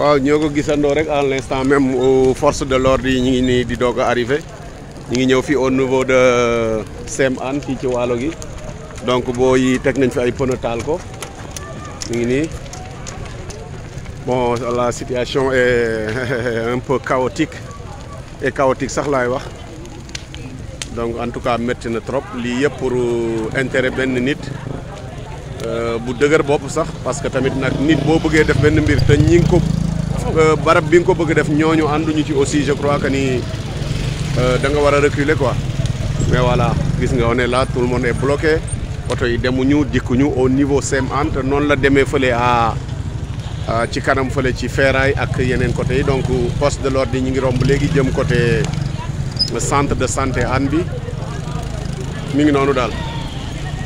waaw ñoo ko gisandoo rek en l'instant même force de l'ordre yi ngi di doog a arrivé ñi ngi ñëw fii au niveau de euh, sem an fii ci waalo gi donc boo yi teg nañ fi ay pneu ko ñi ngi nii bon la situation est un peu chaotique et chaotique sax laay wax donc en tout cas metti na trop lii yëpp pour euh, intérêt benn nit euh, bu dëgër bopp sax parce que tamit nag nit boo bëggee def benn mbir te ñi ko Euh, barab bi nga ko bëgg def ñooñu ànduñu ci aussi je crois que ni euh, da nga war a reculer quoi mais voilà gis nga on est là tout le monde est bloqué oto yi demuñu dikkuñu au niveau cm entre noonu la demee fële à ci kanam fële ci Ferraille ak yeneen côté yi donc poste de l'ordre yi ñu ngi romb léegi jëm côté centre de santé Hann bi mi ngi noonu daal.